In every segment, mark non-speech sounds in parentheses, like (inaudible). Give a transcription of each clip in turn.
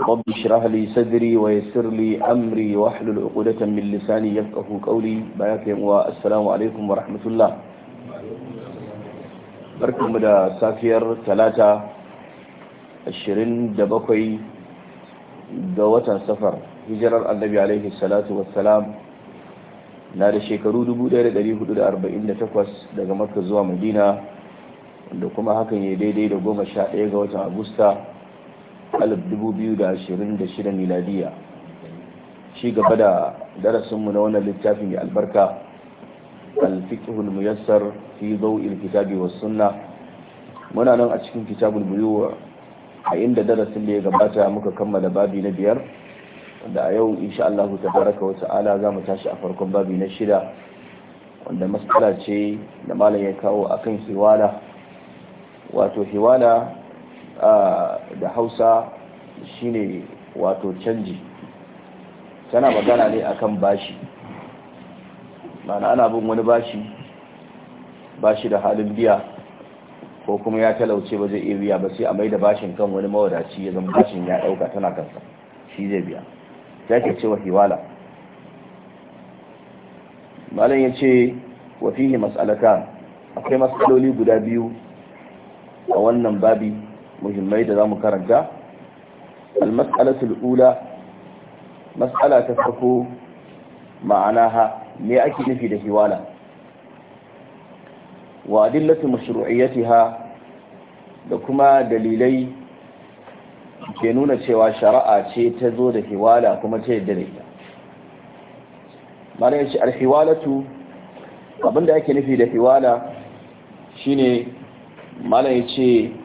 رب اشرح لي صدري ويسر لي امري واحلل عقدة من لساني يفقهوا قولي بياك والسلام عليكم ورحمة الله barkanmu da safiyar talata 27 ga watan safar hijirar annabi alaihi salatu wassalam na da shekaru 1448 daga maka zuwa madina da kuma hakan ya daidai da goma sha ɗaya ga watan agusta dubu da da 2026 miladiya shi gaba da darasinmu na wannan littafin mai albarka alfiqhul muyassar fi daw'il kitabi wa sunna muna nan a cikin kitabul buyuwa a inda darasin da ya gabata muka kammala babi na biyar Da a yau insha Allah baraka wa ta'ala za mu tashi a farkon babi na shida wanda masala ce da malam ya kawo akan hiwala wato hiwala da hausa shine wato canji tana magana ne akan bashi mana ana bin wani bashi bashi da halin biya ko kuma ya talauce ba zai iya biya ba sai a mai da bashin kan wani mawadaci ya zama bashin ya dauka tana kansa shi zai biya ta ke cewa hiwala malam ya ce wa fihi mas'alata akwai matsaloli guda biyu a wannan babi muhimmai da za mu karanta almas'alatul ula mas'ala ta farko ma'anaha me ake nufi da hiwala wa mashru'iyyati ha da kuma dalilai ke nuna cewa shari'a ce ta zo da hiwala kuma ce da ita ya ce alhiwalatu abinda ake nufi da hiwala shine ya ce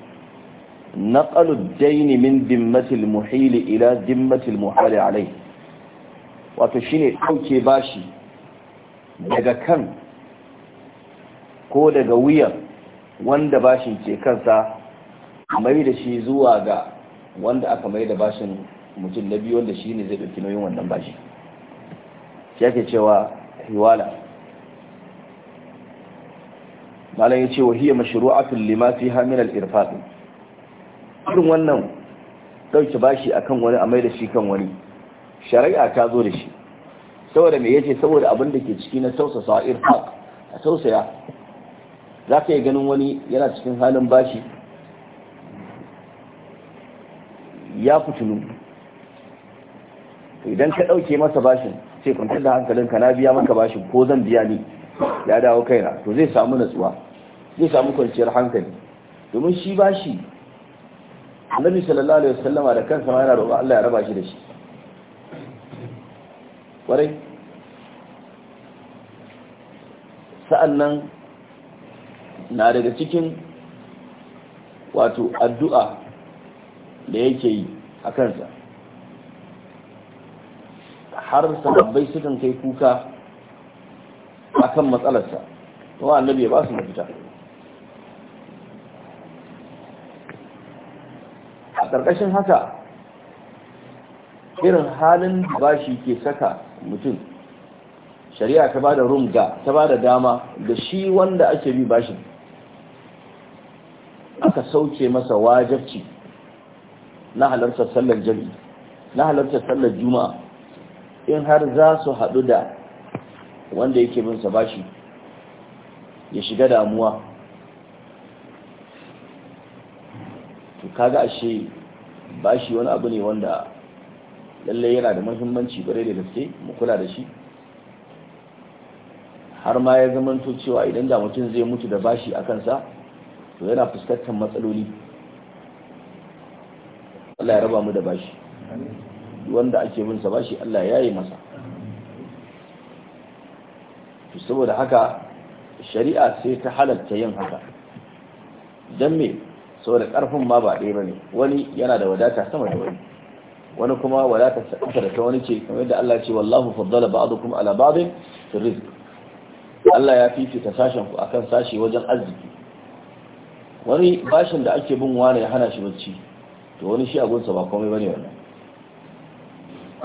نقل الدين من ذمة المحيل إلى ذمة المحال عليه وتشيني أوكي باشي daga kan ko daga wuyan wanda bashin ke kansa mai da shi zuwa ga wanda aka mai da bashin mutum na biyu wanda shi ne zai ɗauki nauyin wannan bashi shi ake cewa hiwala malam ya ce wa hiya mashru'atun limafi fiha min irin wannan ɗauki bashi akan wani a mai da shi kan wani shari'a ta zo da shi saboda me yace saboda abin da ke ciki na tausasa irfaq a tausaya za ka yi ganin wani yana cikin halin bashi ya fitinu idan ka ɗauke masa bashin sai kwantar da ka na biya maka bashin ko zan biya ni ya dawo kaina to zai samu natsuwa zai samu kwanciyar hankali domin shi bashi annabi sallallahu alaihi wasallama da kansa ma yana ruba Allah ya raba shi da shi kwarai sa'annan na daga cikin wato addu'a da yake yi a kansa har sababbai sukan kai kuka akan matsalarsa kuma annabi ya ba su mafita a ƙarƙashin haka irin halin ba bashi ke saka mutum shari'a ta ba da rumga ta ba da dama da shi wanda ake bi bashi aka sauke masa wajabci na halartar sallar jam'i na halartar sallar juma'a in har za su haɗu da wanda yake bin sa bashi ya shiga damuwa kaga ashe bashi wani abu ne wanda lallai yana da muhimmanci bare da gaske mu kula da shi har ma ya zama to cewa idan da mutum zai mutu da bashi a kansa to yana fuskantar matsaloli Allah ya raba mu da bashi wanda ake bin sa bashi Allah ya yi masa to saboda haka shari'a sai ta halatta yin haka dan me saboda karfin ma ba ɗaya bane wani yana da wadata sama da wani wani kuma wadata sama da ta wani ce kamar yadda Allah ce wallahu faddala ba'dukum ala ba'din fi rizq Allah ya fifita sashen ku akan sashi wajen arziki wani bashin da ake bin wani ya hana shi bacci to wani shi agunsa ba komai bane wannan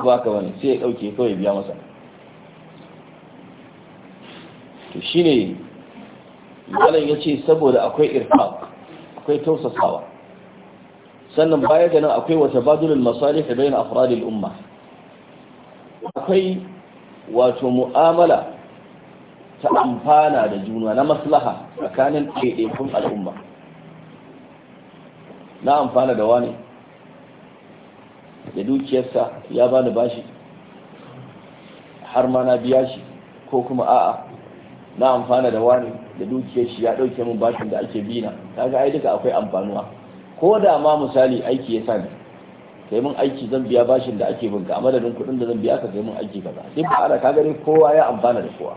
ba ka wani sai ya dauke kawai biya masa to shine malam ce saboda akwai irfaq akwai tausasawa sannan baya ga nan akwai wata badulul masalih bayan afradil umma akwai wato mu'amala ta amfana da juna na maslaha tsakanin ɗaiɗaikun al'umma na amfana da wani da dukiyarsa ya bani bashi har ma na biya shi ko kuma a'a na amfana da wani da dukiyar shi ya dauke mun bashin da ake bina kaga ai duka akwai amfanuwa ko da ma misali aiki ya sani kai mun aiki zan biya bashin da ake binka a madadin kuɗin da zan biya ka kai mun aiki kaza sai ba ala kaga dai kowa ya amfana da kowa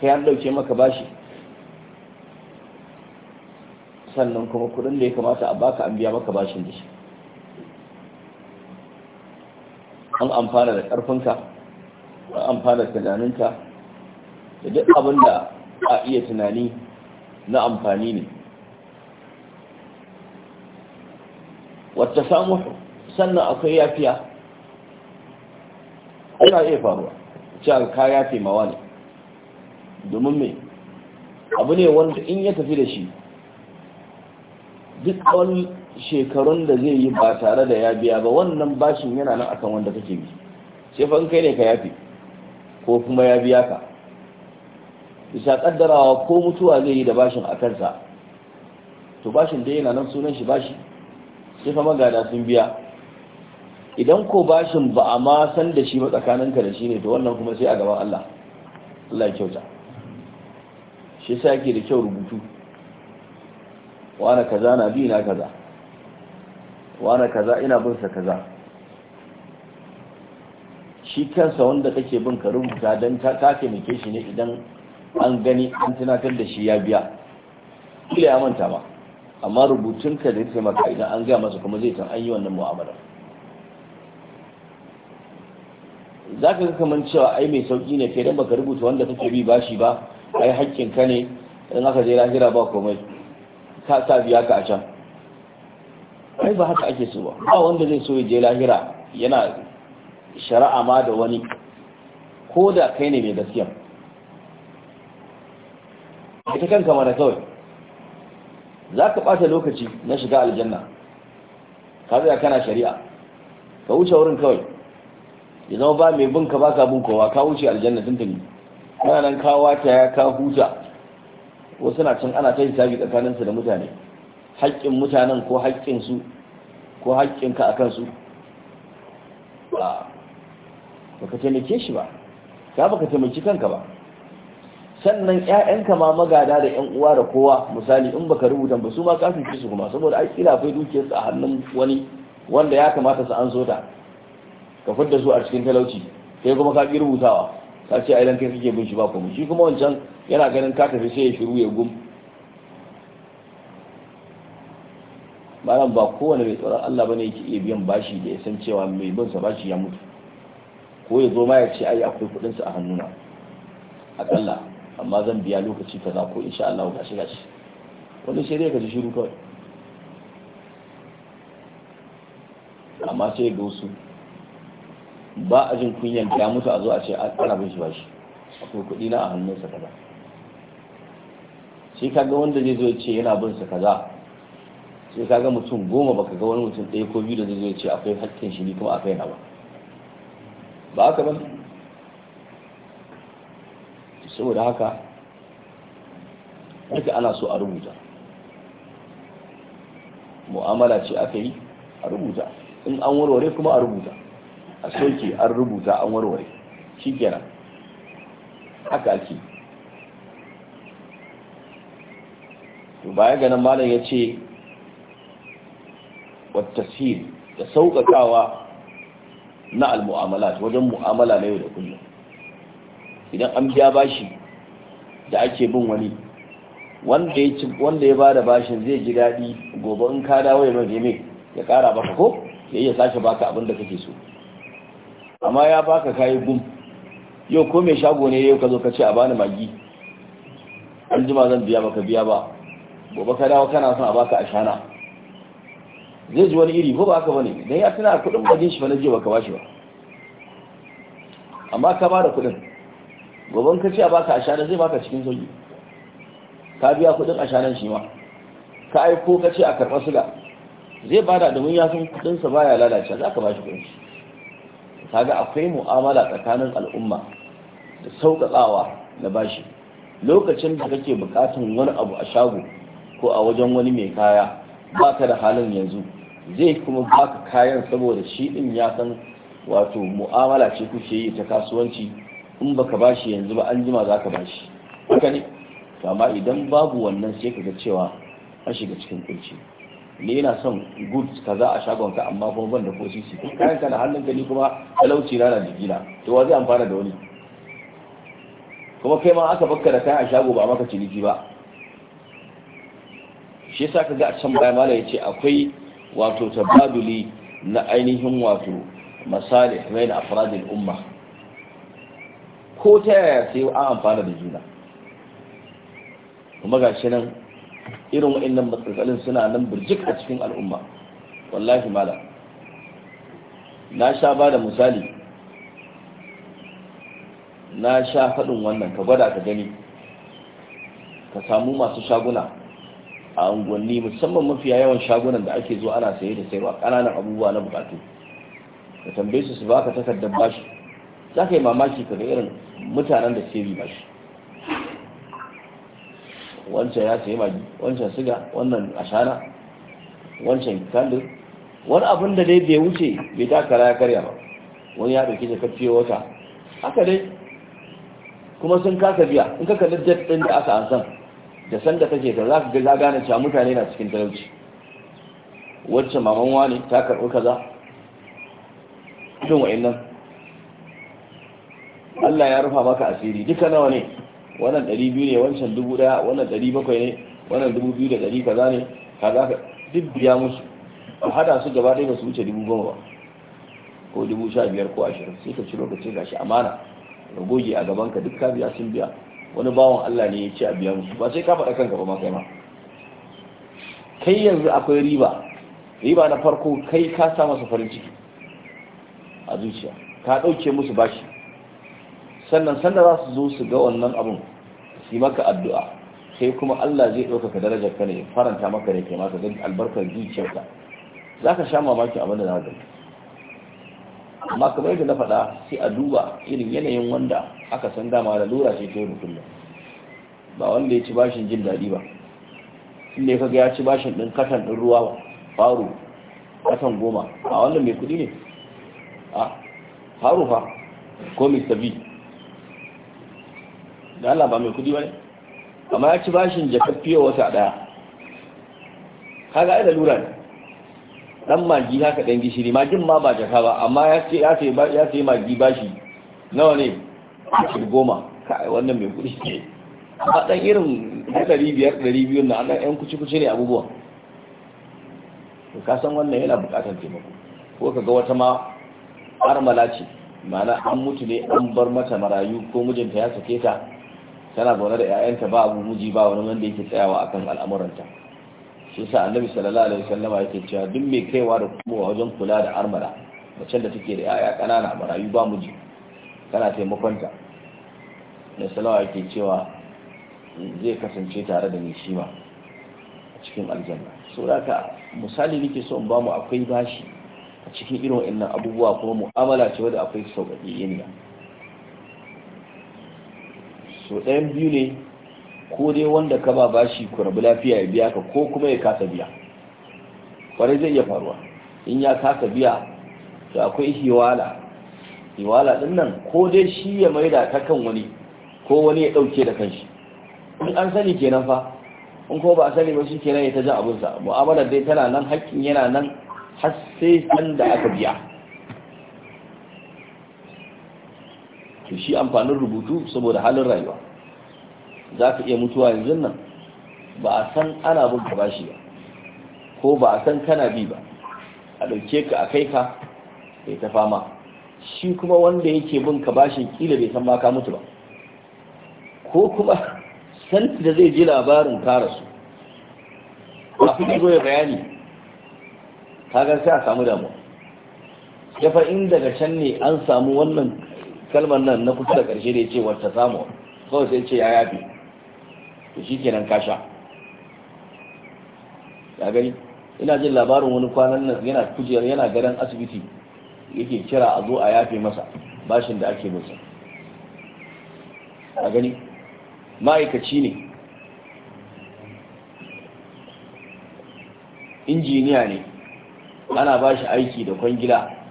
kai an dauke maka bashi sannan kuma kuɗin da ya kamata a baka an biya maka bashin da shi an amfana da ƙarfinka an amfana da tunaninka da duk abin da a iya tunani na amfani ne wata samu sannan akwai yafiya ana iya faruwa cewa ka ne domin mai abu ne wanda in ya tafi da shi duk wani shekarun da zai yi ba tare da ya biya ba wannan bashin yana nan akan wanda kake bi sai fa kai ne ka yafi ko kuma ya biya ka bisa kaddarawa ko mutuwa zai yi da bashin a kansa to bashin dai yana nan sunan shi bashi sai fa magada sun biya idan ko bashin ba a ma san da shi matsakaninka da shi ne to wannan kuma sai a gaban Allah Allah ya kyauta shi sai yake da kyau rubutu wani kaza na bi na kaza wani kaza ina bin sa kaza shi kansa wanda kake bin ka rubuta don ka taimake shi ne idan an gani an tunatar da shi ya biya kila ya manta ba amma rubutunka da zai maka idan an gaya masa kuma zai an yi wannan mu'amalar za ka ga kamar cewa ai mai sauki ne kai dan baka rubuta wanda kake bi bashi ba ai hakkin ka ne idan aka je lahira ba komai ka sa biya ka a can ai ba haka ake so ba ba wanda zai so ya je lahira yana shari'a ma da wani ko da kai ne mai gaskiya ita ta kanka mana kawai za ka ɓata lokaci na shiga aljanna ka zai kana shari'a ka wuce wurin kawai ya zama ba mai bin ka ba ka bin kowa ka wuce aljanna tuntuni. kana nan ka wata ya ka huta wasu na can ana ta hisabi tsakaninsu da mutane haƙƙin mutanen ko haƙƙin su ko haƙƙinka a kansu ba ka taimake shi ba ka ka taimake kanka ba sannan ƴaƴanka ma magada da ƴan uwa da kowa misali in baka rubuta ba su ma kafin su kuma saboda ai kila akwai dukiyar su a hannun wani wanda ya kamata su an so ta ka fudda su a cikin talauci sai kuma ka ki rubutawa ka ce ai dan kai kake bin shi ba kuma shi kuma wancan yana ganin ka tafi sai ya shiru ya gum malam ba kowane mai tsoron Allah bane yake iya biyan bashi da ya san cewa mai bin sa bashi ya mutu ko ya zo ma ya ce ai akwai kudin sa a hannuna akalla amma zan biya lokaci kaza ko insha Allah gashi gashi wani sai dai ka ji shiru kawai amma sai ga wasu ba a jin kunyan ya mutu a zo a ce an bin shi bashi, a ko kuɗi na a hannun sa kaza sai kaga wanda zai zo ce yana bin sa kaza sai kaga mutum goma baka ga wani mutum ɗaya ko biyu da zai zo ce akwai hakkin shi ni kuma akai na ba ba haka ba saboda haka yake ana so a rubuta mu'amala ce aka yi a rubuta in an warware kuma a rubuta a soke an rubuta an warware shi gina haka ake baya ganin malam ya ce wattasir da sauƙaƙawa na al-mu'amalat wajen mu'amala na yau da kullum idan an biya bashi da ake bin wani wanda ya ba da bada bashin zai ji daɗi gobe in ka dawo ya mai ya ƙara baka ko ya iya sashi baka abin da kake so amma ya baka kayi gum yau ko mai shago ne yau ka zo ka ce a bani magi an jima zan biya baka biya ba gobe ka dawo kana son a baka ashana zai ji wani iri ko ba haka ne? don ya tana kudin bajin shi fa na je baka ka ba amma ka bada kudin goban ka ce a baka ashana zai baka cikin sauki ka biya kudin ashanan shi ma ka aiko ka ce a karɓar suga zai bada domin ya san kudinsa baya lalace za ka ba shi kudin kaga akwai mu'amala tsakanin al'umma da sauƙaƙawa na bashi lokacin da kake buƙatar wani abu a shago ko a wajen wani mai kaya baka da halin yanzu zai kuma baka kayan saboda shi din ya san wato mu'amala ce kuke yi ta kasuwanci in baka bashi yanzu ba an jima za ka bashi haka ne amma idan babu wannan sai kaga cewa an shiga cikin kunci ne yana son goods kaza a shagonka amma kuma ban da kosi su kayan ka hannun ka kuma talauci rana jigila to wa zai amfana da wani kuma kai ma aka bakka da kayan a shago ba maka ciniki ba shi yasa kaga a can baya mala yace akwai wato tabaduli na ainihin wato masalih bain afradil umma ko ta yaya sai an amfana da juna kuma gashi nan irin nan matsalolin suna nan birjik a cikin al'umma wallahi mala na sha ba da misali na sha faɗin wannan ka gwada ka gani ka samu masu shaguna a unguwanni musamman mafiya yawan shagunan da ake zuwa ana saye da saiwa ƙananan abubuwa na bukatu ka tambaye su su baka takardar bashi za ka yi mamaki ka ga irin mutanen da ke ba shi wancan ya sayi magi wancan siga wannan ashana wancan kandir wani abin da dai bai wuce bai takara ya karya ba wani ya ɗauki da fiye wata haka dai kuma sun kasa biya in ka kalli jet ɗin da aka an san da sanda take ta za ka ga gane cewa mutane na cikin talauci wacce maman wani ta karɓi kaza irin wa'annan Allah ya rufa maka asiri duka nawa ne wannan ɗari biyu ne wancan dubu ɗaya wannan ɗari bakwai ne wannan dubu biyu da ɗari kaza ne kaza ka duk biya musu a hada su gaba ɗaya ba su wuce dubu goma ba ko dubu sha biyar ko ashirin sai ka ci lokacin gashi amana goge a gaban ka duk ka biya sun biya wani bawan Allah ne ya ce a biya musu ba sai ka faɗa kanka ba ma kai ma kai yanzu akwai riba riba na farko kai ka sa masa farin ciki a zuciya ka ɗauke musu bashi sannan sanda za su zo su ga wannan abun su maka addu'a sai kuma Allah zai ɗaukaka darajar ka ne faranta maka da ke maka zai albarkar zuciyarka za ka sha mamaki abin da za ka amma kamar yadda na faɗa sai a duba irin yanayin wanda aka san dama da lura ce ta yau kullum ba wanda ya ci bashin jin daɗi ba inda ya kaga ya ci bashin ɗin katan ɗin ruwa faru katan goma a wannan mai kuɗi ne a faru fa ko mr b da Allah ba mai kudi ba ne amma ya ci bashin jakar fiye wata daya kaga ai da lura ne dan magi haka dan gishiri magin ma ba jaka ba amma ya ce ya ce ya ce magi bashi nawa ne cikin goma kai wannan mai kudi ne amma dan irin 500 200 na dan yan kuci kuci ne abubuwa ka san wannan yana bukatar taimako ko ka ga wata ma armala ce ma'ana an mutu ne an bar mata marayu ko mijinta ya sake ta tana zaune da 'ya'yanta ba abu muji ba wani wanda yake tsayawa akan al'amuranta shi sa annabi sallallahu alaihi wasallama yake cewa duk mai kaiwa da kuma wajen kula da armara macen da take da 'ya'ya kanana marayu ba muji kana taimakonta da salawa yake cewa zai kasance tare da ni shima a cikin aljanna so misali nake so in bamu akwai bashi a cikin irin wa'annan abubuwa kuma mu'amala ce wadda akwai sauƙaƙe yin so ɗayan biyu ne ko dai wanda ka ba bashi ku rabu lafiya ya biya ka ko kuma ya kasa biya kwarai zai iya faruwa in ya kasa biya to akwai hiwala hiwala din nan ko dai shi ya maida ta kan wani ko wani ya ɗauke da kanshi in an sani kenan fa in ko ba a sani ba shi kenan ya ta ji abinsa mu'amalar dai tana nan haƙƙin yana nan har sai san da aka biya shi amfanin rubutu saboda halin rayuwa za ka iya mutuwa yanzu nan ba a san ana bin ka bashi ba ko ba a san kana bi ba a ɗauke ka a kai ka Bai ta fama shi kuma wanda yake bin ka bashin kila bai san ma mutu ba ko kuma (laughs) santi da zai ji labarin kara su kafin zo ya bayani gan sai a samu damuwa ya fa in daga can ne an samu wannan kalmar nan na kusa da ƙarshe da ya ce wata samu kawai sai ce ya yafi to shi kenan kasha ya gani ina jin labarin wani kwanan nan yana kujerar yana garin asibiti yake kira a zo a yafe masa bashin da ake musa a gani ma'aikaci ne injiniya ne ana ba shi aiki da kwangila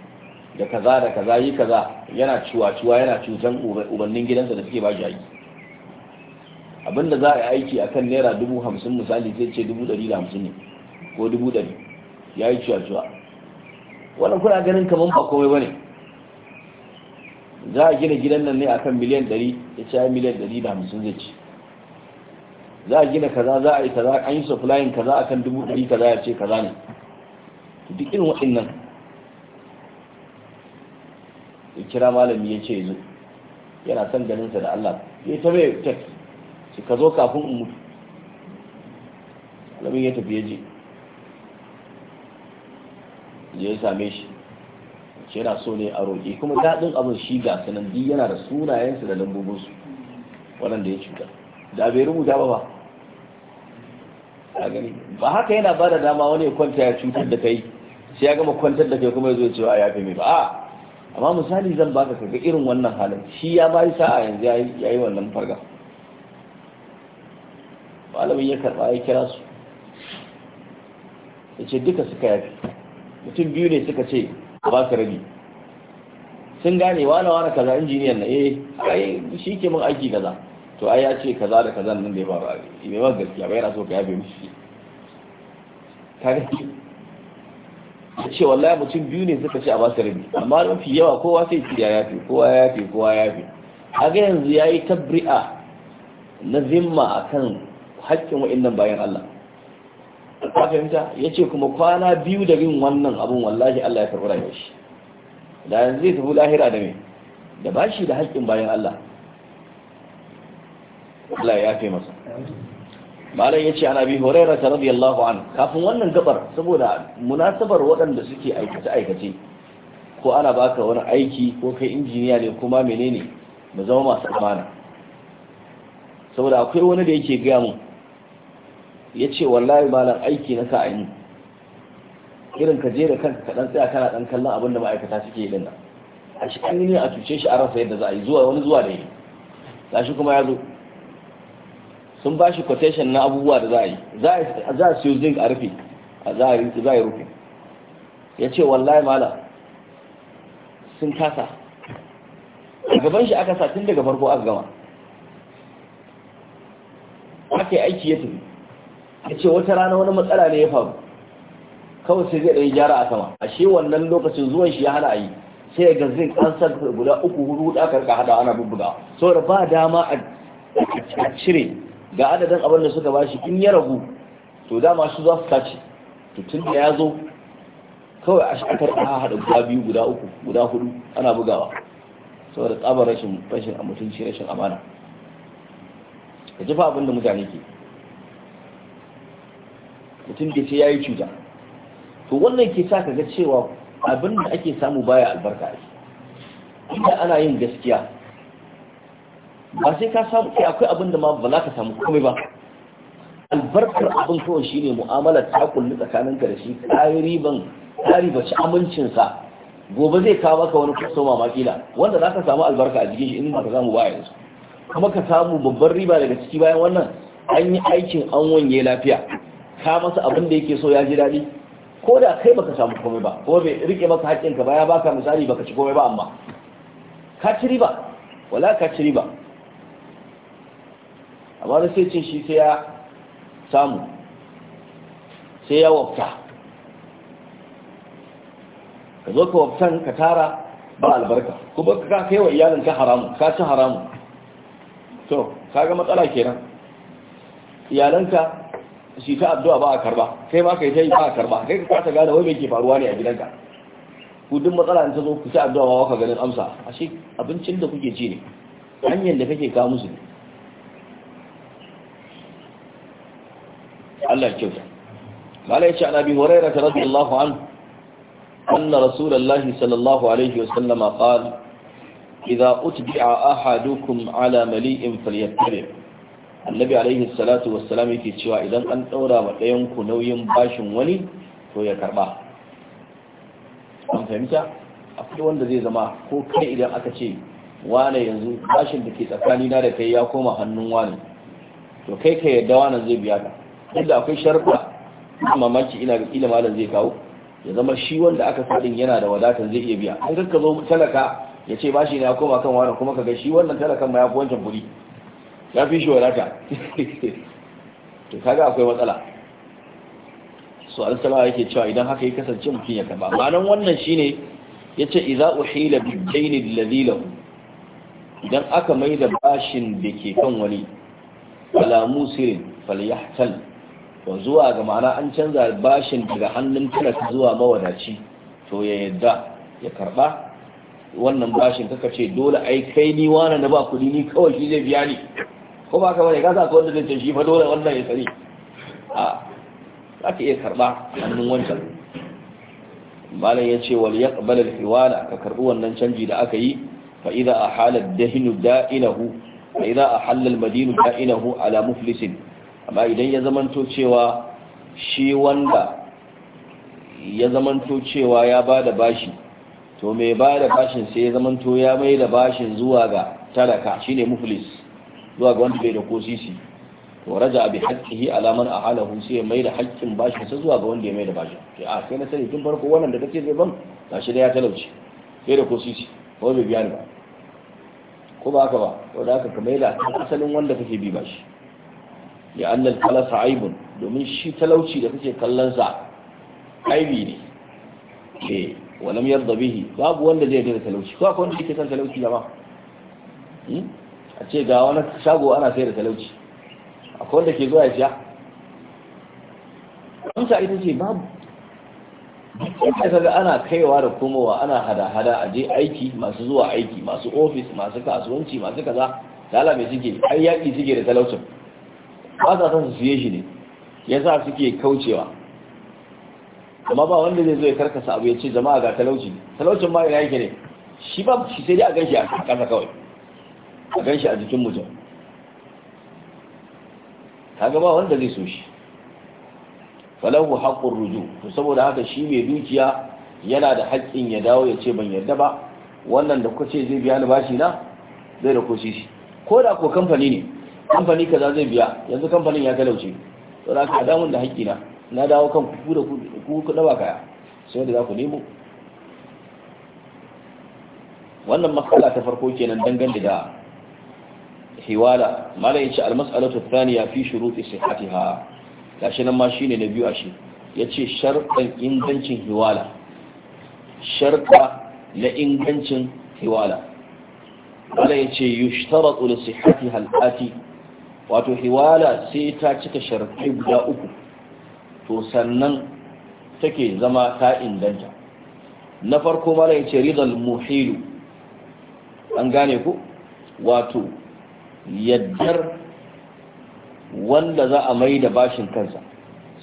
da kaza da kaza yi kaza yana ciwa-ciwa yana cutan ubannin gidansa da suke ba shi aiki abinda za a yi aiki a kan naira dubu hamsin misali sai ce dubu ɗari da hamsin ne ko dubu ɗari ya yi ciwa-ciwa wannan kuna ganin kamar ba komai ba ne za a gina gidan nan ne a kan miliyan ɗari ya ce miliyan ɗari da hamsin zai ci za a gina kaza za a yi kaza an yi supplying kaza a kan dubu ɗari kaza ya ce kaza ne duk irin waɗannan ya kira malami ya ce zo yana son ganinsa da Allah ya ta mai tek su ka zo kafin in mutu malamin ya tafi ya je ya same shi ce yana so ne a roƙi kuma daɗin abin shi ga sanan duk yana da sunayensu da lambobinsu waɗanda ya cuta da bai rubuta ba ba ba haka yana ba da dama wani ya kwanta ya cutar da kai sai ya gama kwantar da kai kuma ya zo cewa ya fi mai ba a amma misali zan baka kaga irin wannan halin shi ya bayi sa'a yanzu ya yi wannan farga malamin ya karɓa ya kira su ya ce duka suka yafi mutum biyu ne suka ce a baka rabi sun gane wane wane kaza injiniyan na eh ai shi ke min aiki kaza to ai ya ce kaza da kaza nan da ya ba ba bai ba gaskiya ba yana so ka yafe mishi kaga ya ce wallahi mutum biyu ne suka ce a basu rabi amma mafi yawa kowa sai ya yafe kowa ya yafe kowa ya yafe ga yanzu ya yi tabri'a na zimma akan haƙƙin nan bayan Allah ka fahimta ce kuma kwana biyu da yin wannan abun wallahi Allah ya karɓi rayuwar shi da yanzu zai tafi lahira da me da bashi da haƙƙin bayan Allah Allah ya yafe masa malam yace an abi hurairah radiyallahu an kafin wannan gabar saboda munasabar waɗanda suke aikace aikace ko ana baka wani aiki ko kai injiniya ne kuma menene mu zama masu amana saboda akwai wani da yake gaya mun yace wallahi malam aiki na a yi irin ka je da kanka ka dan tsaya kana dan kallon abin da ma'aikata suke yi a shi an ne a tuce shi a rasa yadda za a yi zuwa wani zuwa da yi gashi kuma ya zo sun ba shi quotation na abubuwa da za a yi za a siyo zinc a rufe za a yi rufe ya ce wallahi mala sun kasa a gaban shi aka sa tun daga farko aka gama aka yi aiki ya tafi ya ce wata rana wani matsala ne ya faru kawai sai zai ɗaya gyara a sama a shi wannan lokacin zuwan shi ya hana a yi sai ya gazin an san guda uku hudu hudu aka rika hada ana bubbuga saboda ba dama a cire ga adadin abin da suka bashi in ya ragu to dama su za su tace to tun da ya zo kawai a shakar a haɗa guda biyu guda uku guda hudu ana bugawa saboda tsabar rashin rashin a mutunci rashin amana ka jifa abin da mutane ke mutum ke ce ya yi cuta to wannan ke sa ka ga cewa abin da ake samu baya albarka ake inda ana yin gaskiya ba sai ka samu kai akwai abin da ma ba za ka samu komai ba albarkar abin kawai shine mu'amalar ta kulli ka da shi kayi riban kari amincinsa gobe zai kawo maka wani kusa ma kila wanda za ka samu albarka a jikin shi in ba ka samu ba yanzu kuma ka samu babban riba daga ciki bayan wannan an yi aikin an wanye lafiya ka masa abin da yake so ya ji daɗi ko da kai baka samu komai ba ko bai rike maka hakkinka ba ya baka misali baka ci komai ba amma ka ci riba wala ka ci riba amma da sai cin shi sai ya samu sai ya wafta ka zo ka waftan ka tara ba albarka kuma ka kai wa iyalin ka haramu ka ci haramu to kaga matsala kenan iyalanka shi ta addu'a ba a karba kai ma kai ta yi ba a karba kai ka kwata gane wai me ke faruwa ne a gidanka ku matsala ta zo ku ta addu'a ba ka ganin amsa shi abincin da kuke ci ne hanyar da kake kawo musu ne Allah kyauta mala yace an abi hurairah radiyallahu anhu anna rasulullahi sallallahu alaihi wasallama qala idza utbi'a ahadukum ala mali'in falyattabi annabi alaihi salatu wassalam yake cewa idan an ɗaura wa ɗayanku nauyin bashin wani to ya karɓa. an fahimta akwai wanda zai zama ko kai idan aka ce wane yanzu bashin da ke tsakanina da kai ya koma hannun wane to kai ka yadda wane zai biya ka yadda akwai sharfa mamaki ina ga ƙila malam zai kawo ya zama shi wanda aka faɗin yana da wadatar zai iya biya an kakka zo talaka ya ce bashi ne ya koma kan wani kuma kaga shi wannan talakan ma ya fi wancan kuɗi ya fi shi wadata (laughs) to kaga akwai matsala su sama yake cewa idan haka ya kasance mutum ya karba ma'anan wannan shine ne ya ce bid-dayn alladhi lahu idan aka mai da bashin da ke kan wani ala musirin falyahtal to zuwa ga ma'ana an canza bashin daga hannun talaka zuwa mawadaci to ya yadda ya karba wannan bashin kaka ce dole ai kai ni wani na ba kuɗi ni kawai shi zai biya ni ko ba ka bane ka sa wanda zai shi fa dole wannan ya sani a za ka iya karba hannun wancan malam ya ce wal yaqbal al hiwala ka karbi wannan canji da aka yi fa idza ahala ad-dahinu da'ilahu fa idza ahalla al-madinu da'inahu ala muflisin amma idan ya zamanto cewa shi wanda ya zamanto cewa ya ba da bashi to mai ba da bashin sai ya zamanto ya mai da bashin zuwa ga talaka shine muflis zuwa ga wanda bai da kosisi to raja bi haqqihi ala man ahalahu sai ya mai da haƙƙin bashin sa zuwa ga wanda ya mai da bashin to a sai na sani tun farko wannan da kace zai ban shi da ya talauci sai da kosisi ko bai biya ni ba ko ba haka ba to da haka ka mai da asalin wanda kake bi bashi ya annal talasa aibun domin shi talauci da kake kallonsa aibi ne ke eh, walam yarda bihi babu wanda zai yarda da talauci ko akwai wanda yake san talauci ba hmm? a ce ga wani shago ana sayar da talauci akwai wanda ke zuwa ya siya amsa ita ce babu ita kaga ana kaiwa da komowa ana hada-hada a je aiki masu zuwa aiki masu ofis masu kasuwanci masu kaza lalabe suke ai yaƙi suke da talaucin ba sa son su siye shi ne Ya sa suke kaucewa amma ba wanda zai zo ya karkasa abu ya ce jama'a ga talauci talaucin ma ya yake ne shi ba shi sai dai a ganshi a kasa kawai a ganshi a jikin mutum ta ba wanda zai so shi falahu haƙƙun ruju to saboda haka shi mai dukiya yana da haƙƙin ya dawo ya ce ban yarda ba wannan da kuka ce zai biya ni bashi na zai da koshi shi ko da ko kamfani ne kamfani kaza zai biya yanzu kamfanin ya talauce to za ka damun da haƙƙi na na dawo kan ku da ku ku da kaya sai da za ku nemo wannan matsala ta farko kenan dangane da hiwala malai yace al-mas'alatu thaniya fi shuruti sihhatiha gashi nan ma shine na biyu a shi yace sharqan ingancin hiwala sharqa na ingancin hiwala malai yace yushtaratu li sihhatiha al-ati wato hiwala sai ta cika sharfai guda uku to sannan take zama ta inganta na farko mara ya ce ridal muhilu an gane ku wato yaddar wanda za a mai da bashin kansa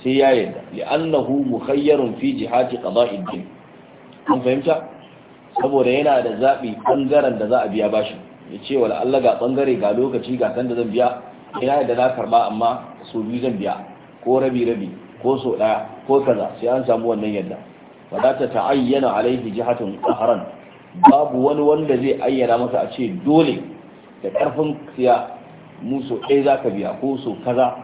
sai ya yadda li'annahu mukhayyarun fi jihati qada'id din kun fahimta saboda yana da zabi bangaren da za a biya bashin ya ce wala Allah ga bangare ga lokaci ga kan da zan biya ina da na karba amma su biyu zan biya ko rabi rabi ko so daya ko kaza sai an samu wannan yadda wala ta ayyana alaihi jihatun qahran babu wani wanda zai ayyana masa a ce dole da karfin siya mu so ɗaya za ka biya ko so kaza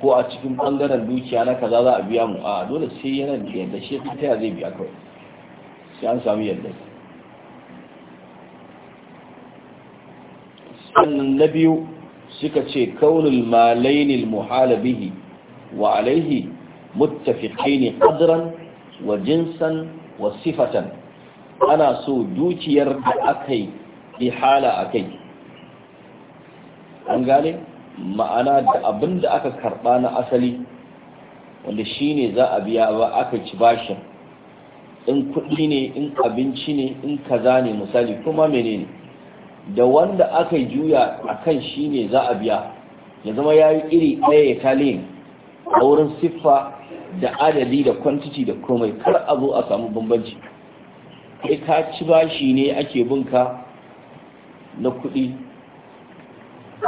ko a cikin bangaren dukiya na kaza za a biya mu a dole sai yana da yadda shi ta ya zai biya kawai sai an samu yadda sannan na biyu suka ce kaunul malainil muhala bihi wa alaihi muttafiqaini qadran wa jinsan wa sifatan ana so dukiyar da akai ihala akai an gane ma'ana da abin da aka karɓa na asali wanda shi ne za a biya ba aka ci bashin in kuɗi ne in abinci ne in kaza ne misali kuma menene da wanda aka juya a kan shi ne za a biya ya zama ya yi iri ɗaya ya kale a wurin siffa da adadi da kwantiti da komai kar a zo a samu bambanci kai ka ci bashi ne ake binka na kuɗi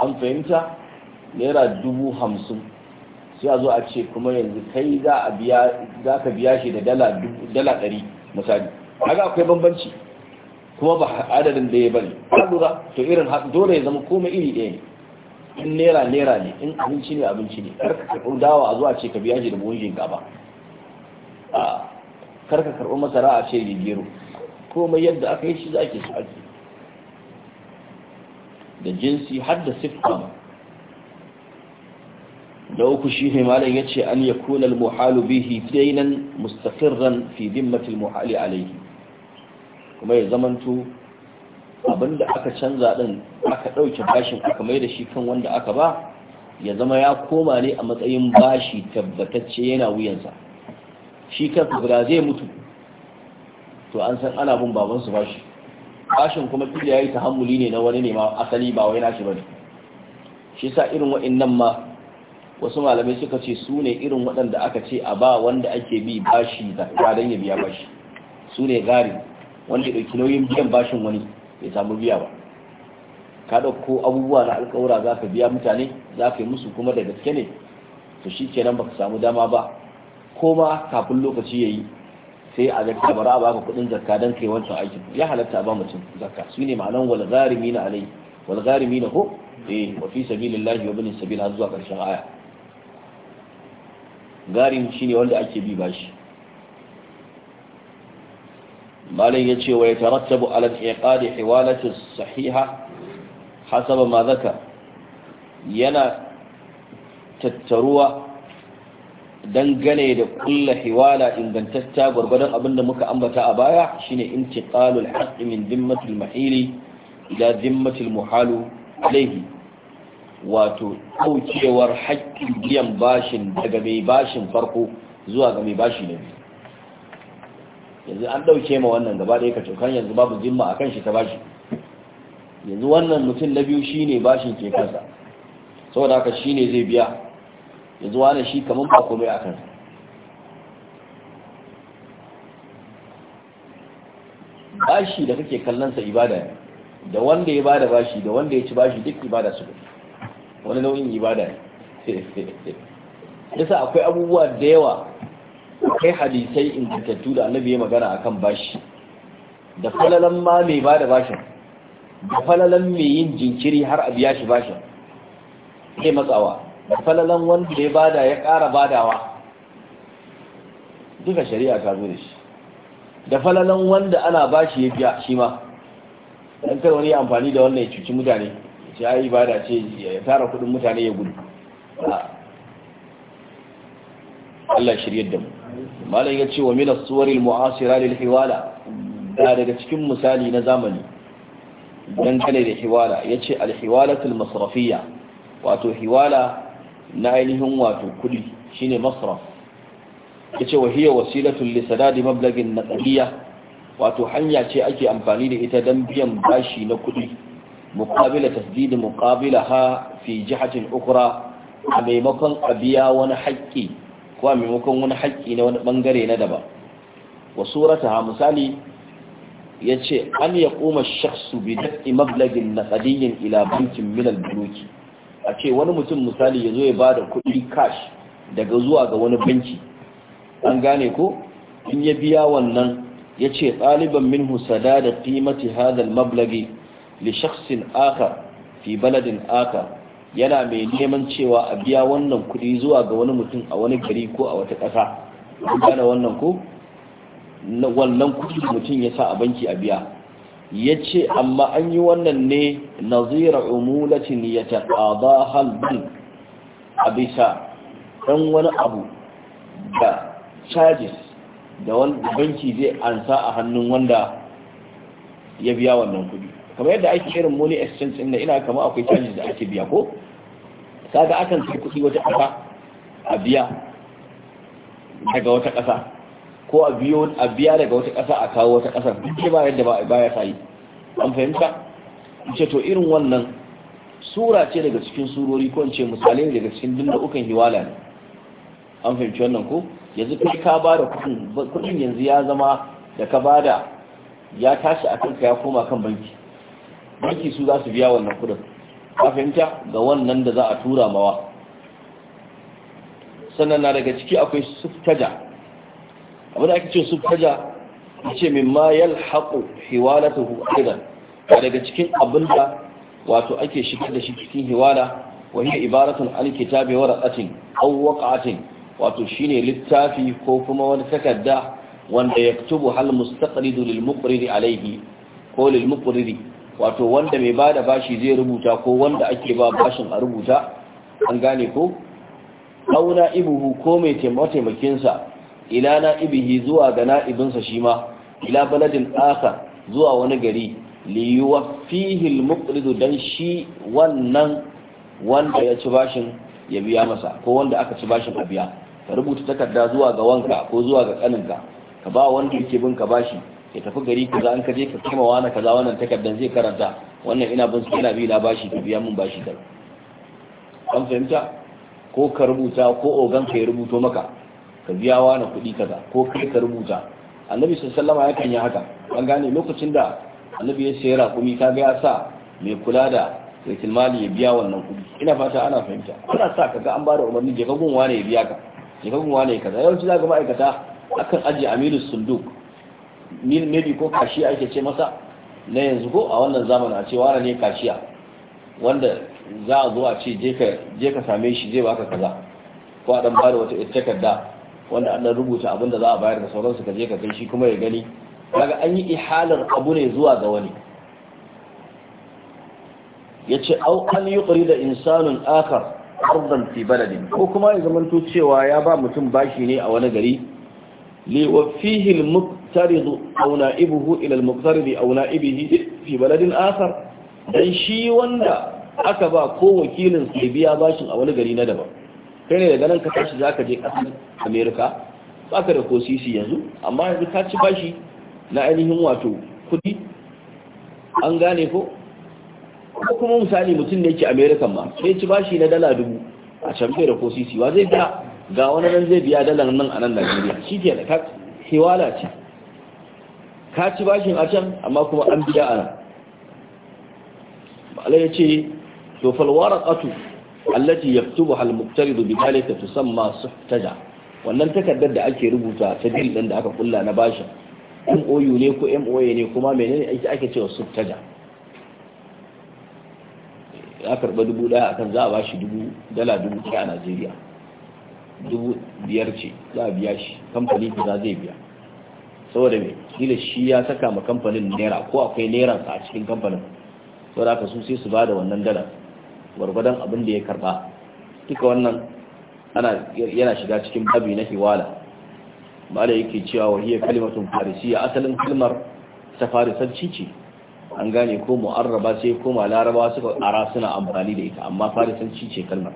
an fahimta naira dubu hamsin sai a zo a ce kuma yanzu kai za ka biya shi da dala ɗari misali kaga akwai bambanci kuma ba adadin da ya bane ka lura to irin dole ya zama komai iri ɗaya ne in naira naira ne in abinci ne abinci ne kar ka karɓi dawa a zuwa ce ka biya shi da buhun shinkafa a kar ka karɓi masara a ce ya gero komai yadda aka yi shi za ke so ake da jinsi har da siffa da uku shi ne malam ya ce an yakuna al-muhalu bihi dainan mustaqirran fi dhimmatil muhali alayhi kuma ya zamanto abinda aka canza din aka dauke bashin aka mai da shi kan wanda aka ba ya zama ya koma ne a matsayin bashi tabbatacce yana wuyansa shi ka guda zai mutu to an san ana bin babansu bashi bashin kuma tilla ya yi tahammuli ne na wani ne ma asali ba wai nashi ba ne shi sa irin wa'annan ma wasu malamai suka ce su ne irin waɗanda aka ce a ba wanda ake bi bashi da don ya biya bashi su ne gari wanda ya ɗauki nauyin biyan bashin wani ya samu biya ba ka ɗauko abubuwa na alkawura za ka biya mutane za ka yi musu kuma da gaske ne to shi kenan ka samu dama ba ko ma kafin lokaci ya yi sai a zakka bara a baka kuɗin zakka don kai wancan aikin ya halatta ba mutum zakka su ne ma'anan wal gharimina alai walgari gharimina ko eh wa fi sabilillahi wa bin zuwa ƙarshen aya garin shine wanda ake bi bashi malam ya ce wa ya tarattabu alal iqadi hiwalatu sahiha hasaba mazaka yana tattaruwa dangane da kulla hiwala ingantacca gwargwadon abin da muka ambata a baya shine intiqalul haqqi min dimmatil mahili ila dimmatil muhalu alayhi wato daukewar haƙƙin biyan bashin daga mai bashin farko zuwa ga mai bashi na biyu yanzu an ɗauke ma wannan gaba ɗaya ka cokan yanzu babu jimma a kan shi ta bashi yanzu wannan mutum na biyu shine bashin ke kansa saboda haka shine zai biya yanzu wani shi kamar ba komai a kansa bashi da kake kallonsa ibada ne da wanda ya bada bashi da wanda ya ci bashi duk ibada su wani nau'in ibada ne (laughs) yasa akwai abubuwa da yawa Kai hadisai ingantattu da annabi ya magana akan bashi da falalan ma mai ba da bashin da falalan mai yin jinkiri har a biya shi bashin sai matsawa da falalan wanda ya bada ya ƙara badawa duka shari'a ta zo da shi da falalan wanda ana bashi ya biya shi ma dan kai wani amfani da wannan ya cuci mutane ce yi ibada ce ya tara kudin mutane ya gudu Allah shirye da mu malam ya ce wa min as-suwaril mu'asira lil hiwala daga cikin misali na zamani dangane da hiwala yace al-hiwalatul masrafiyya wato hiwala na ainihin wato kudi shine masraf ce wa hiya wasilatul li sadadi mablagin naqdiyya wato hanya ce ake amfani da ita dan biyan bashi na kudi muqabila tasdid muqabilaha fi jihatin ukra a maimakon a biya wani haƙƙi ko a maimakon wani haƙƙi na wani ɓangare na daba wa surata ha misali ya ce an ya koma shaksu bi daɗi mablagin na tsadiyin ila bankin minal buluki a ce wani mutum misali ya zo ya ba da kuɗi cash daga zuwa ga wani banki an gane ko in ya biya wannan ya ce ɗaliban min husada da ƙimati hadal mablagi li shaksin aka fi baladin aka yana mai neman cewa a biya wannan kuɗi zuwa ga wani mutum a wani gari ko a wata ƙasa gane wannan ko wannan kudi mutum ya sa a banki a biya ya ce amma an yi wannan ne na nazira umulacin ya taɓa halbin a bisa ɗan wani abu da charges da banki zai ansa a hannun wanda ya biya wannan kuɗi kamar yadda ake irin money exchange din ina kama akwai charges da ake biya ko kaga akan ci kuɗi wata ƙasa a biya daga wata ƙasa ko a biyo a biya daga wata ƙasa a kawo wata ƙasa, duk ba yadda ba ya sai an fahimta ce to irin wannan sura ce daga cikin surori ko ce ne daga cikin dinda ukan hiwala ne an fahimci wannan ko yanzu kai ka ba da kuɗin yanzu ya zama da ka ba da ya tashi a kanka ya koma kan banki banki su za su biya wannan kudin kafinta ga wannan da za a tura mawa sannan na daga ciki akwai suftaja abinda ake ce suftaja a ce min ma yalhaqu hiwalatuhu a daga cikin abinda wato ake shigar da shi cikin hiwala wa hiya ibaratun an kitabi wa raqatin aw waqatin wato shine littafi ko kuma wani takarda wanda ya yaktubu hal mustaqridu lil muqridi alayhi ko lil muqridi wato wanda mai ba da bashi zai rubuta ko wanda ake ba bashin a rubuta an gane ko auna ibuhu ko mai taimakinsa ila na ibihi zuwa ga na'ibinsa shi ma ila baladin aka zuwa wani gari Liyuwa fihil muqridu dan shi wannan wanda ya ci bashin ya biya masa ko wanda aka ci bashin a biya ka rubuta takarda zuwa ga wanka ko zuwa ga kaninka ka ba wanda yake bin ka bashi ya tafi gari kaza an ka je ka kima wani kaza wannan takardan zai karanta wannan ina bin su ina bi na bashi ka biya mun bashi kaza an fahimta ko ka rubuta ko ogan ka ya rubuto maka ka biya wani kuɗi kaza ko kai ka rubuta annabi sallama ya kan yi haka an gane lokacin da annabi ya sayar a ka ga ya sa mai kula da baitul mali ya biya wannan kuɗi ina fata ana fahimta ana sa kaga an bada umarni je ka ne ya biya ka je ka ya kaza yawanci zaka ma'aikata akan aje amirus sunduk maybe ko kashiya ake ce masa na yanzu ko a wannan zamanin a ce wara ne kashiya wanda za a zo a ce je ka same shi zai baka kaza ko a dan bada wata takarda wanda an rubuta abin da za a bayar da sauransu ka je ka kai shi kuma ya gani kaga an yi ihalar abu ne zuwa ga wani yace au an yuqri da insanun akhar ardan fi baladin ko kuma ya zamanto cewa ya ba mutum bashi ne a wani gari li fihi al muqtaridu aw na'ibuhu ila al-muqtaridi aw na'ibihi fi baladin akhar dan shi wanda aka ba ko wakilin sai biya bashin a wani gari na daban kai ne daga nan ka tashi zaka je kasar America baka da ko sisi yanzu amma yanzu ka ci bashi na ainihin wato kudi an gane ko ko kuma misali mutum ne ke America ma sai ci bashi na dala dubu a can da ko sisi wa zai biya ga wani nan zai biya dalar nan a nan Najeriya shi ke da ka hewala ce ka ci bashin a can amma kuma an biya a nan Ba'ala ya ce to falwara ƙatu allati yaktubu hal muqtaridu bi dalika tusamma suhtaja wannan takardar da ake rubuta ta bil din da aka kulla na bashin U ne ko MOA ne kuma menene ake ake cewa suhtaja ya karba dubu daya akan za a bashi dubu dala dubu ɗaya a Najeriya dubu biyar ce za a biya shi kamfani za zai biya saboda mai, kila shi ya saka ma kamfanin naira ko akwai naira a cikin kamfanin saboda haka su sai su bada wannan dala gwargwadon abin da ya karba duka wannan yana shiga cikin babi na hiwala da yake cewa wahiya kalimatun a asalin kalmar ta farisanci ce an gane ko mu'arraba sai ko larabawa suka ara suna amfani da ita amma farisanci ce kalmar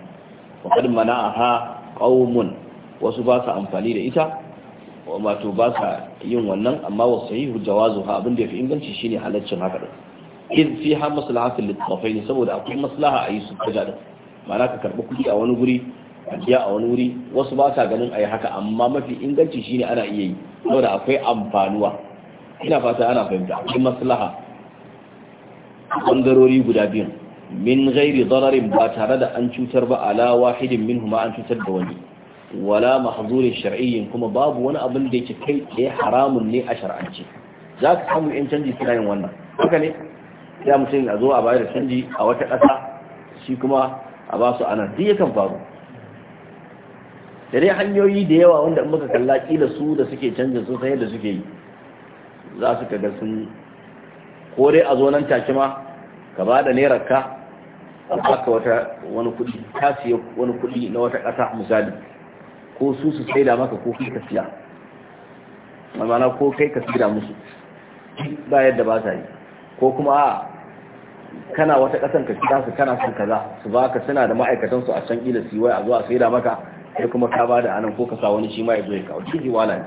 wa qad mana'aha qaumun wasu ba su amfani da ita wato ba sa yin wannan amma wa sahihu jawazu ha abin da yafi inganci shine halaccin haka din in fi ha maslaha ne, litafaini saboda akwai maslaha a yi su kaja din ma'ana ka karbi kuɗi a wani guri a biya a wani wuri wasu ba sa ganin ayi haka amma mafi inganci shine ana iya yi saboda akwai amfanuwa ina fata ana fahimta akwai maslaha bangarori guda biyu min ghairi dararin ba tare da an cutar ba ala wahidin minhuma an cutar da wani wala mahzurin shar'iyyin kuma babu wani abin da yake kai tsaye haramun ne a shar'anci za ka samu yan canji suna yin wannan haka ne ya mutum a zo a bayar da canji a wata ƙasa shi kuma a ba su ana duk yakan faru da dai hanyoyi da yawa wanda in muka kalla kila su da suke canjin sun san yadda suke yi za su kaga sun ko dai a zo nan take ma ka ba da naira ka a baka wata wani kuɗi ka siya wani kuɗi na wata ƙasa misali ko su su saida maka ko kai ka siya ma'ana ko kai ka saida musu ba yadda ba ta yi ko kuma a kana wata kasan ka kira su kana son kaza su ba ka suna da ma'aikatan su a can ila su a zuwa saida maka sai kuma ka bada anan ko ka sa wani shi ma ya zo ya kawo ciki wala ne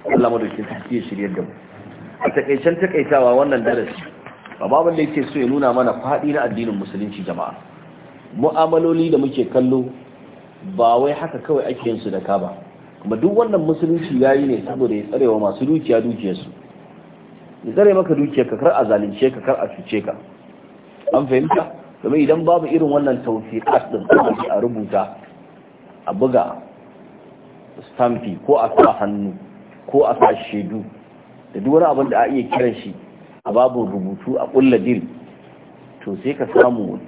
Allah madaukakin sarki ya shirye da mu a takaicen takaitawa wannan darasi babban da yake so ya nuna mana fadi na addinin musulunci jama'a mu'amaloli da muke kallo ba wai haka kawai ake yin su da ka ba kuma duk wannan musulunci yayi ne saboda ya tsarewa masu dukiya dukiyarsu ya tsare maka dukiyar ka kar a zalunce ka kar a cuce ka an fahimta kuma idan babu irin wannan tawfiqat din a rubuta a buga stampi ko a sa hannu ko a sa shaidu da duk wani abin da a iya kiran shi a babu rubutu a ƙulla to sai ka samu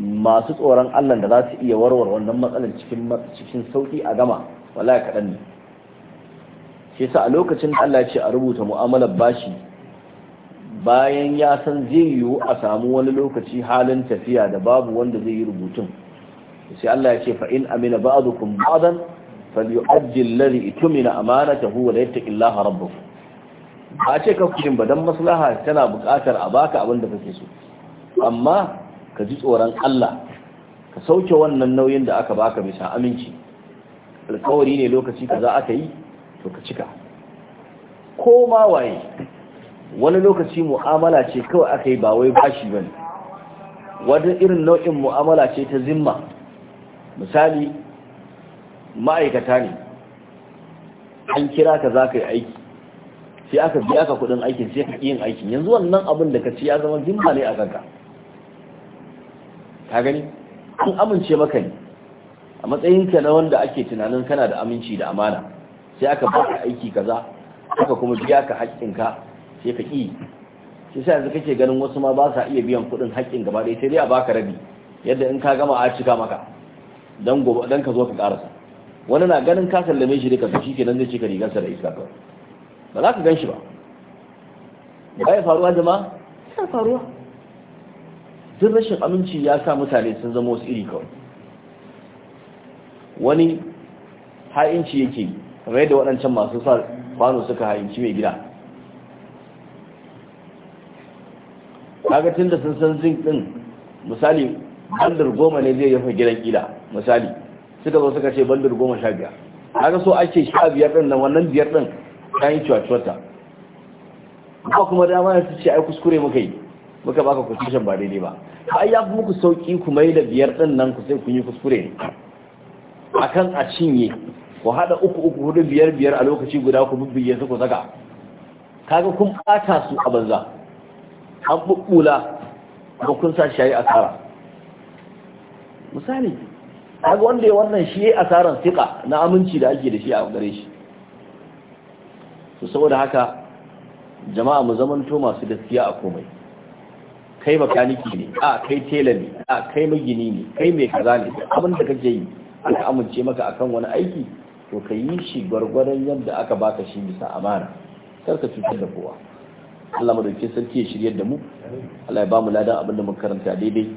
masu tsoron Allah da za su iya warware wannan matsalar cikin sauki a gama ya kaɗan ne shi sa a lokacin da Allah ce a rubuta mu'amalar bashi bayan ya san zai yiwu a samu wani lokaci halin tafiya da babu wanda zai yi rubutun sai Allah ya ce fa in amina ba'dukum ba'dan falyu'addi alladhi itumina amanatahu wa yattaqi Allah rabbuh a ce ka kudin ba dan maslaha tana buƙatar a baka abin da kake so amma ka ji tsoron Allah ka sauke wannan nauyin da aka baka bisa aminci alkawari ne lokaci ka za aka yi to ka cika ko ma waye wani lokaci mu'amala ce kawai aka yi ba wai bashi bane wata irin nau'in mu'amala ce ta zimma misali ma'aikata ne an kira ka za ka yi aiki sai aka biya ka kudin aikin sai ka yin aikin yanzu wannan abin da ka ci ya zama zimma ne a kanka ka gani an amince maka ne a matsayinka na wanda ake tunanin kana da aminci da amana sai aka ba ka aiki kaza aka kuma biya ka haƙƙinka sai ka ƙi sai sai yanzu kake ganin wasu ma ba sa iya biyan kuɗin haƙƙin gaba ɗaya sai dai a baka rabi yadda in ka gama a cika maka dan gobe dan ka zo ka karasa wani na ganin ka sallame shi da shi nan zai cika rigarsa da iska kawai ba za ka gan shi ba ba ya faruwa jama'a ya faruwa duk rashin aminci ya sa mutane sun zama wasu iri kawai wani ha'inci yake kamar yadda waɗancan masu sa kwano suka ha'inci mai gida kaga tun da sun san zin ɗin, misali bandar goma ne zai yafa gidan ƙila misali suka zo suka ce bandar goma sha biyar kaga so ake sha biyar ɗin da wannan biyar ɗin ta yi cuwa-cuwata ba kuma dama ya ce ai kuskure muka yi muka baka constitution ba daidai ba ai ya fi muku sauki ku mai da biyar din nan ku sai kun yi kuskure akan a cinye ku hada uku uku hudu biyar biyar a lokaci guda ku bubbuye su ku saka kaga kun bata su a banza an bubbula ba kun sa shi a asara misali kaga wanda ya wannan shi ya asaran siƙa na aminci da ake da shi a gare shi su saboda haka jama'a mu zamanto masu gaskiya a komai kai makaniki ne a kai tela ne a kai magini ne kai mai kaza ne abin da kake yi aka amince maka akan wani aiki to ka yi shi gwargwaron yadda aka baka shi bisa amana kar ka cutar da kowa Allah dauke sarki ya shiryar da mu Allah ya bamu ladan abin da muka karanta daidai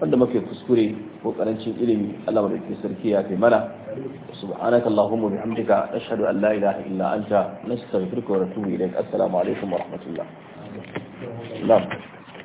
wanda muke kuskure ko karancin ilimi Allah dauke sarki ya kai mana subhanaka allahumma bihamdika ashhadu an la ilaha illa anta nastaghfiruka wa natubu ilaik assalamu alaikum wa rahmatullah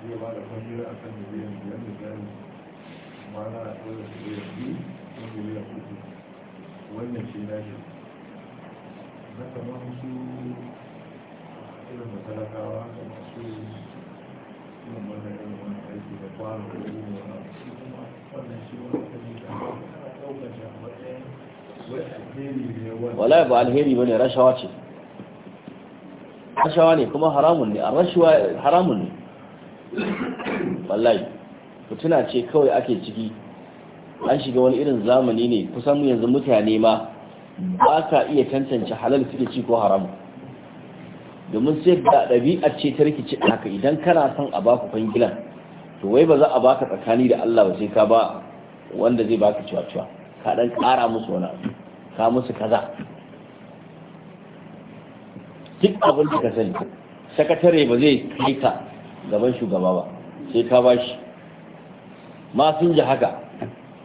zai ba da a kan miliyan biyar da a tsoron miliyan biyu ko miliyan uku wannan shi na shi na kamar su irin matalakawa da masu irin wannan irin wannan aiki da kwano da wannan shi kuma wannan shi wani da ɗaukar shi a matsayin alheri wala ba alheri ne rashawa ce rashawa ne kuma haramun ne a rashawa haramun ne wallahi mutuna ce kawai ake ciki an shiga wani irin zamani ne kusan yanzu mutane ma ba ka iya tantance halal suke ci ko haram domin sai da ce ta rikici haka idan kana son a baku kwangilan to wai ba za a baka tsakani da Allah ba sai ka ba wanda zai baka ciwa-ciwa ka dan ƙara musu wani ka musu kaza duk abin da ka sani sakatare ba zai kai ka gaban shugaba ba sai ka ba shi ma sun ji haka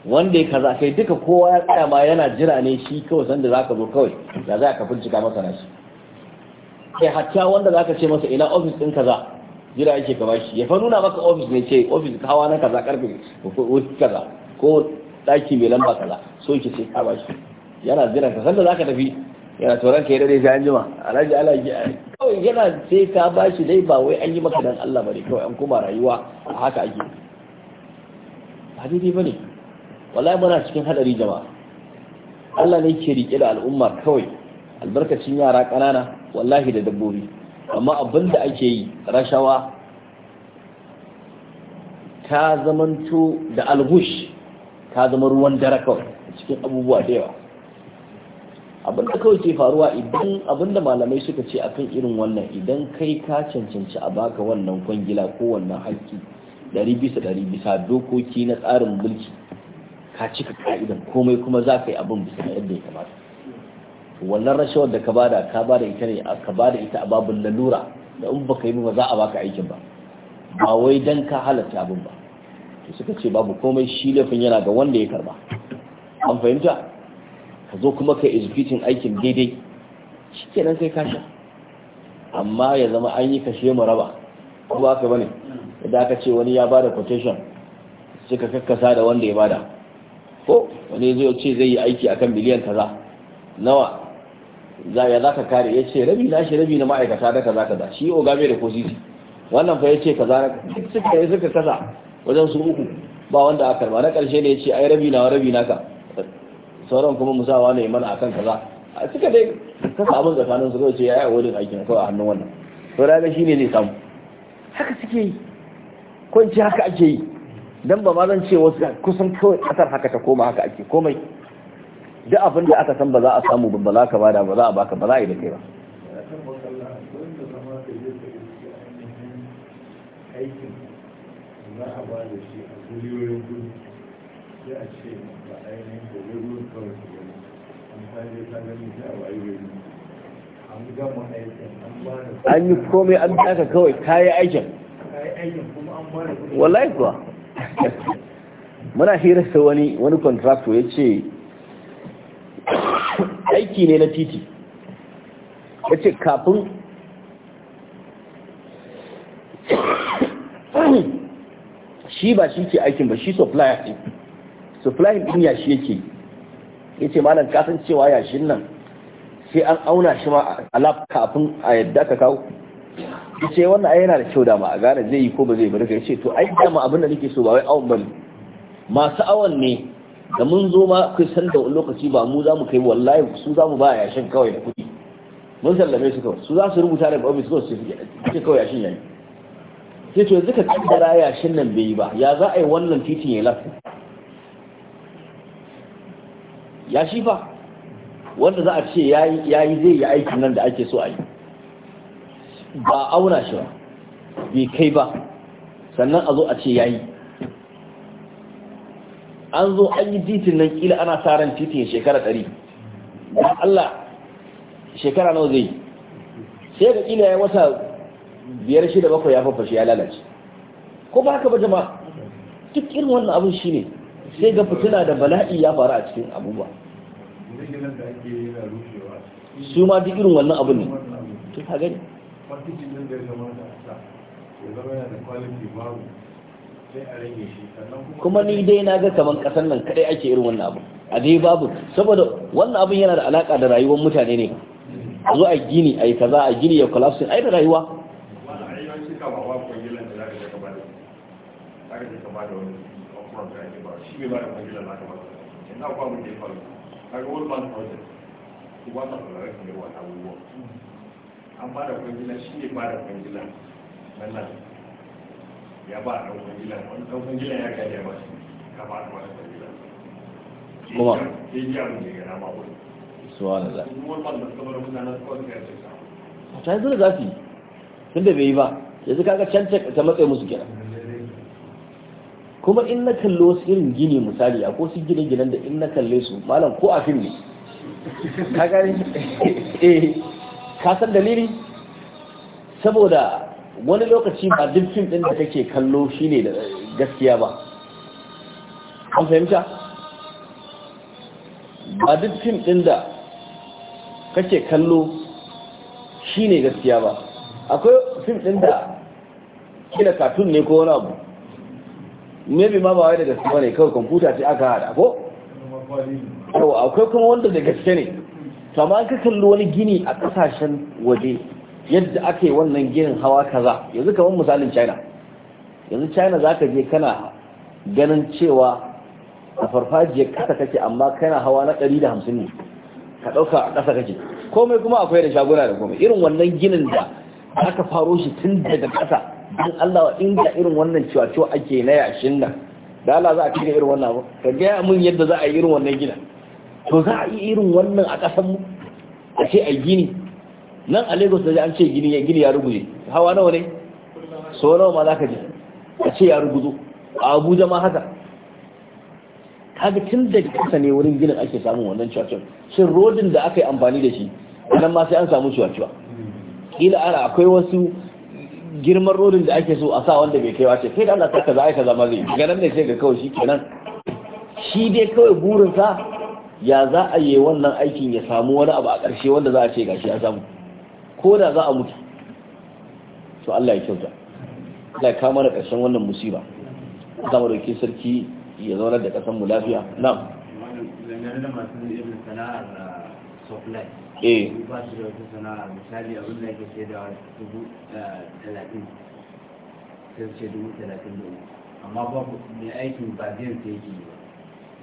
wanda ya kaza kai duka kowa ya tsaya ma yana jira ne shi kawai sanda za ka zo kawai da za ka bincika masa na shi kai hatta wanda za ka ce masa ina ofis ɗin kaza jira yake ka bashi ya fa nuna maka ofis ne ce ofis kawa na kaza karfe kaza ko ɗaki mai lamba kaza so ki sai ka bashi yana jira ka sanda za ka tafi yana tsoron ka yi dare sai an jima alhaji alaji kawai yana sai ka ba shi dai ba wai an yi maka dan Allah bane kawai an kuma rayuwa a haka ake ba daidai bane wallahi muna cikin hadari jama'a Allah ne ke rike da al'umma kawai albarkacin yara kanana wallahi da dabbobi amma abin da ake yi rashawa ta zamanto da algush ta zama ruwan dare kawai cikin abubuwa da yawa abin da kawai ke faruwa idan abin da malamai suka ce akan irin wannan idan kai ka cancanci a baka wannan kwangila ko wannan haƙƙi ɗari bisa ɗari bisa dokoki na tsarin mulki ka cika ka'idan komai kuma za ka yi abin bisa yadda ya kamata wannan rashawar da ka bada ka bada ita ne ka bada ita a babin lalura da in baka yi ba za a baka aikin ba ba wai dan ka halatta abin ba to suka ce babu komai shi laifin yana ga wanda ya karba an fahimta ka zo kuma ka executing aikin daidai shikenan sai ka amma ya zama an yi kashe mu raba ko ba ka bane idan aka ce wani ya bada quotation sai ka kakkasa da wanda ya bada ko wani zai ce zai yi aiki akan miliyan kaza nawa za ya zaka kare ya ce rabi na shi rabi na ma'aikata da kaza kaza shi o bai da kosisi wannan fa ya ce kaza na suka yi suka kasa wajen su uku ba wanda aka karba na karshe ne ya ce ai rabi na rabi naka sauran kuma musawa ne mana akan kaza a cika dai ka samu tsakanin su kawai ce yayi awodin aikin kawai a hannun wannan to ga shine zai samu haka suke yi kwanci haka ake yi dan ba ma zan ce wasu kusan kawai kasar haka ta koma haka ake komai duk abin da aka san ba za a samu ba za ka bada ba za a baka ba za a yi da kai ba aikin za a ba da shi a guriyoyin gudu sai a ce an yi komai an taka kawai kayi aikin aikin wallahi kuwa muna hira sa wani wani kontrakto ya ce aiki ne na titi ya ce kafin shi ba shi ke aikin ba shi supplier ɗin supplier ɗin ya shi yake yi ya ce malam kasan cewa yashin nan sai an auna shi ma a lab kafin a yadda ka kawo ya ce wannan ai yana da kyau dama a gane zai yi ko ba zai bari ka ce to ai dama abin da nake so ba wai awon bane masu awon ne da mun zo ma kai san da lokaci ba mu za mu kai wallahi su za mu ba yashin kawai da kuɗi mun sallame su kawai su za su rubuta da ofis kawai su ce kawai yashin yayi sai to yanzu ka kaddara yashin nan bai yi ba ya za a yi wannan titin ya lafi ya shi fa wanda za a ce ya yi zai yi aikin nan da ake so a yi ba auna shi ba bai kai ba sannan a zo a ce ya yi an zo an yi titin nan kila ana taron titin shekara ɗari ba Allah shekara nawa zai sai ga kila ya wata biyar shida bakwai ya fafashe ya lalace ko ba haka ba jama'a duk irin wannan abin shine sai ga fitina da bala'i ya faru a cikin abubuwa su ma duk irin wannan abu ne to ka gani kuma ni dai na ga kaman kasan nan kadai ake irin wannan abu a dai babu saboda wannan abin yana da alaka da rayuwar mutane ne a zo a gini a yi kaza a gini ya a yi da rayuwa na kwa a road ba ta kula rashin yawa na abubuwa an ba da kwangila shi ne ba da kwangila ya a kwangila ya gaya ba shi ka ba wani kwangila kuma ke ji abin da ya gana ma wani da da ka yi ta yi zurga fi tun da bai yi ba yanzu kaga can ta matsayi musu kenan kuma in na kallo wasu irin gini misali a ko su gine ginen da in na kalle su malam ko a fim ne ka gani eh kasar dalili saboda wani lokaci ba duk fim din da kake kallo shine da gaskiya ba an fahimta ba duk fim din da kake kallo shine gaskiya ba akwai fim din da kila katun ne ko wani abu mebi ma ba wai da gaske bane kawai kwamfuta ce aka hada ko ko akwai kuma wanda da gaske ne amma ka kalli wani gini a kasashen waje yadda ake wannan ginin hawa kaza yanzu kamar misalin china yanzu china za ka je kana ganin cewa a farfajiyar kasa kake amma kana hawa na 150 ne ka ɗauka a kasa kake komai kuma akwai da shaguna da komai irin wannan ginin da aka faro shi tun daga kasa dan Allah wa inda irin wannan ciwato ake na yashin nan da Allah za a cire irin wannan ba ka gaya mun yadda za a yi irin wannan gida to za a yi irin wannan a kasan mu a ce a gini nan a Lagos da an ce gini ya gini ya ruguje hawa nawa ne so nawa ma zaka ji a ce ya ruguzo a Abuja ma haka kaga tun da kasa ne wurin ginin ake samun wannan ciwaciwa shin rodin da aka yi amfani da shi nan ma sai an samu ciwaciwa kila ara akwai wasu girman rodin da ake so a sa wanda bai kaiwa ce kai da Allah saka za a yi kaza mazi ganin ne sai ga kawai shi kenan shi dai kawai burinsa ya za a yi wannan aikin ya samu wani abu a ƙarshe wanda za a ce gashi ya samu ko da za a mutu to Allah ya kyauta Allah ya kama da ƙarshen wannan musiba za mu dauke sarki ya zaunar da ƙasar mu lafiya na'am dangane da masu sana'ar uh, supply e ba su da wata sana'a misali abin da yake sai da dubu eh, talatin sai ce dubu talatin da amma ba ku mai aikin ba zai ta yake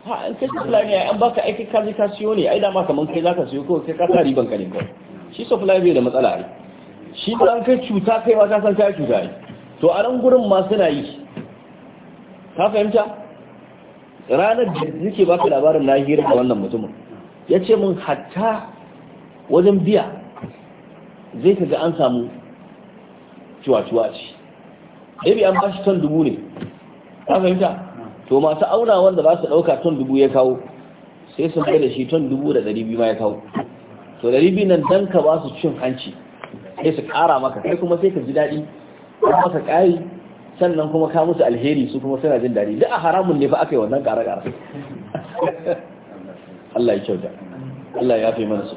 ba ha in kai supply ne an baka aikin ka ka siyo ne ai dama kamar kai zaka siyo ko kai ka sa riban ka ne ba shi supply bai da matsala ne shi dan kai cuta kai ma ka san kai cuta ne to a ran gurin ma suna yi ka fahimta ranar da nake baka labarin na hira da wannan mutumin ya ce min hatta wajen biya zai kaga an samu ciwa-ciwa ce ɗabi an bashi ton dubu ne ta fahimta to masu auna wanda ba su ɗauka ton dubu ya kawo sai sun bai da shi ton dubu da ɗari biyu ma ya kawo to ɗari biyu nan dan ka ba su cin hanci sai su ƙara maka kai kuma sai ka ji daɗi kuma maka ƙari sannan kuma ka musu alheri su kuma suna jin daɗi duk a haramun ne fa aka yi wannan ƙara-ƙara (laughs) Allah ya kyauta Allah ya fi mana su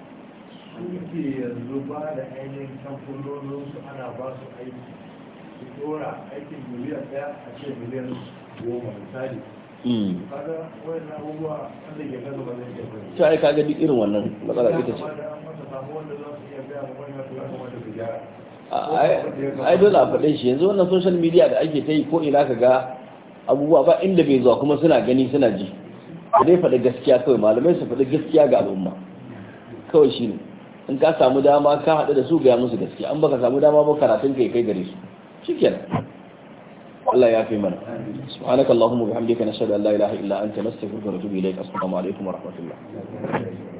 suke yanzu ba da ainihin kamfanoninsu ana ba su aiki su dora aikin miliyan daya a ce miliyan goma misali hmm. kaga wani abubuwa wanda ke kaga ba zai ke ta aika kaga duk irin wannan matsala ita ce ai dole a faɗin shi yanzu wannan social media da ake ta yi ko ina ka ga abubuwa ba inda bai zuwa kuma suna gani suna ji dai faɗi gaskiya kawai malamai su faɗi gaskiya ga al'umma kawai shi ne in ka samu dama ka haɗu da su gaya musu gaske an baka samu dama ba karatun kai kai gare su shikenan Allah ya fi mana subhanakallahumma bihamdika nashhadu an la ilaha illa anta nastaghfiruka wa natubu ilayk assalamu alaikum wa rahmatullah